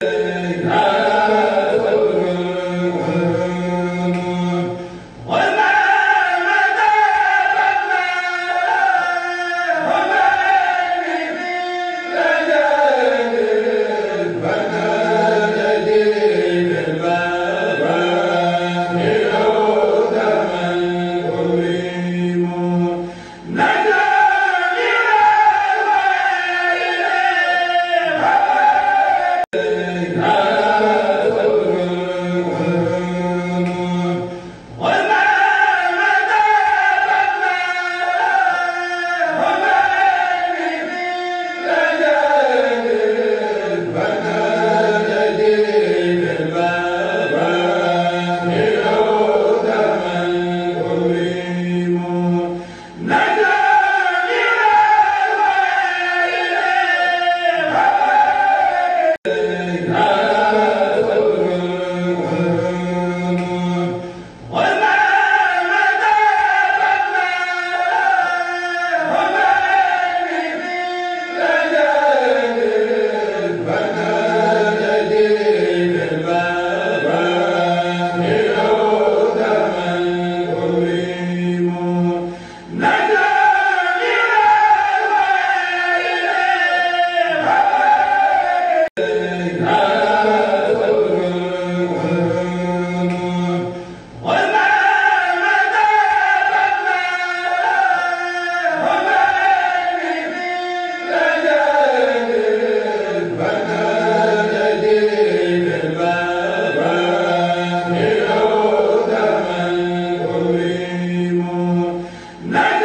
Amen. na